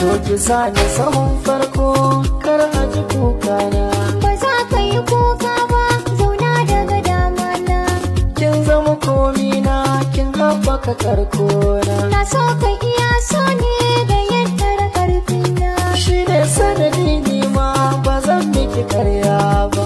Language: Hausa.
zo ki sa ni farko kar a ji kuka na ba za ka yi kuka ba zauna daga dama na kin zama komi na kin haɓaka karko na na so ka iya so ne da yadda na karfi na shi ne sanadi ni ma ba zan miki karya ba